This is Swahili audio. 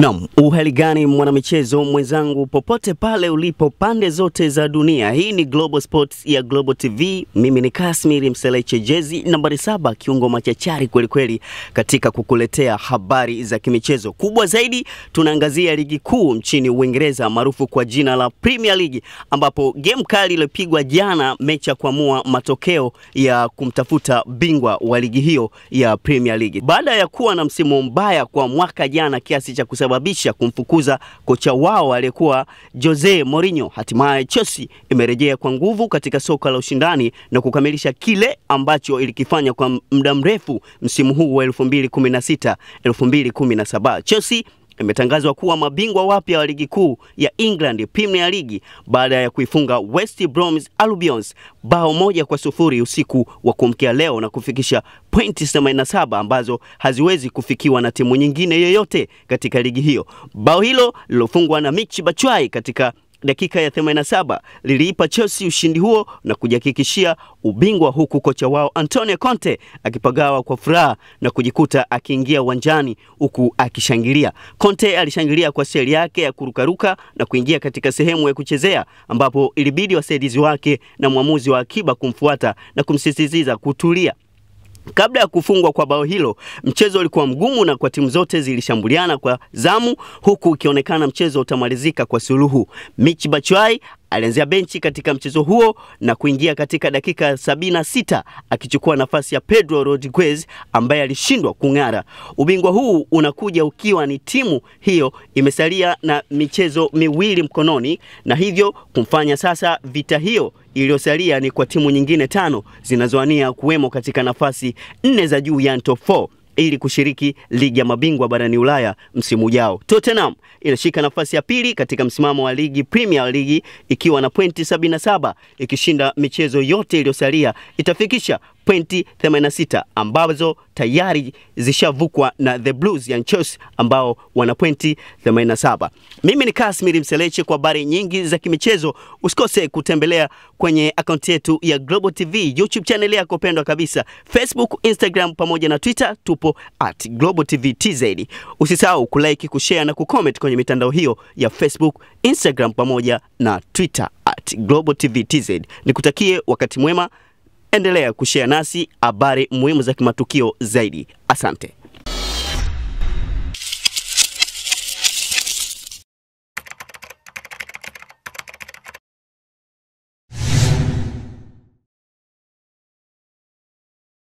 Naam, uhali gani mwanamichezo mwenzangu, popote pale ulipo, pande zote za dunia. Hii ni Global Sports ya Global TV. Mimi ni Kasmir Mseleche, jezi nambari saba, kiungo machachari kwelikweli katika kukuletea habari za kimichezo. Kubwa zaidi, tunaangazia ligi kuu nchini Uingereza maarufu kwa jina la Premier League, ambapo game kali iliyopigwa jana, mechi ya kuamua matokeo ya kumtafuta bingwa wa ligi hiyo ya Premier League, baada ya kuwa na msimu mbaya kwa mwaka jana kiasi cha kusababisha kumfukuza kocha wao aliyekuwa Jose Mourinho. Hatimaye Chelsea imerejea kwa nguvu katika soka la ushindani na kukamilisha kile ambacho ilikifanya kwa muda mrefu msimu huu wa 2016 2017. Chelsea imetangazwa kuwa mabingwa wapya wa ligi kuu ya England Premier League baada ya kuifunga West Brom Albion bao moja kwa sufuri usiku wa kumkia leo na kufikisha pointi 87 ambazo haziwezi kufikiwa na timu nyingine yoyote katika ligi hiyo. Bao hilo lilofungwa na Michi Batshuayi katika dakika ya 87 liliipa Chelsea ushindi huo na kujihakikishia ubingwa, huku kocha wao Antonio Conte akipagawa kwa furaha na kujikuta akiingia uwanjani huku akishangilia. Conte alishangilia kwa seli yake ya kurukaruka na kuingia katika sehemu ya kuchezea ambapo ilibidi wasaidizi wake na mwamuzi wa akiba kumfuata na kumsisitiza kutulia. Kabla ya kufungwa kwa bao hilo, mchezo ulikuwa mgumu na kwa timu zote zilishambuliana kwa zamu, huku ukionekana mchezo utamalizika kwa suluhu. Mitch Batshuayi alianzia benchi katika mchezo huo na kuingia katika dakika sabini na sita akichukua nafasi ya Pedro Rodriguez ambaye alishindwa kung'ara. Ubingwa huu unakuja ukiwa ni timu hiyo imesalia na michezo miwili mkononi, na hivyo kumfanya sasa vita hiyo iliyosalia ni kwa timu nyingine tano zinazoania kuwemo katika nafasi nne za juu ya top 4 ili kushiriki ligi ya mabingwa barani Ulaya msimu ujao. Tottenham inashika nafasi ya pili katika msimamo wa ligi Premier League ikiwa na pointi 77, ikishinda michezo yote iliyosalia itafikisha pointi 86 ambazo tayari zishavukwa na the Blues ya nchos ambao wana pointi 87. Mimi ni Kasmir Mseleche, kwa habari nyingi za kimichezo usikose kutembelea kwenye akaunti yetu ya Global TV, YouTube channel yako pendwa kabisa, Facebook, Instagram pamoja na Twitter, tupo at Global TV TZ. Usisahau kulike, kushare na kucomment kwenye mitandao hiyo ya Facebook, Instagram pamoja na Twitter at Global TV TZ. Nikutakie wakati mwema endelea kushare nasi habari muhimu za kimatukio zaidi. Asante.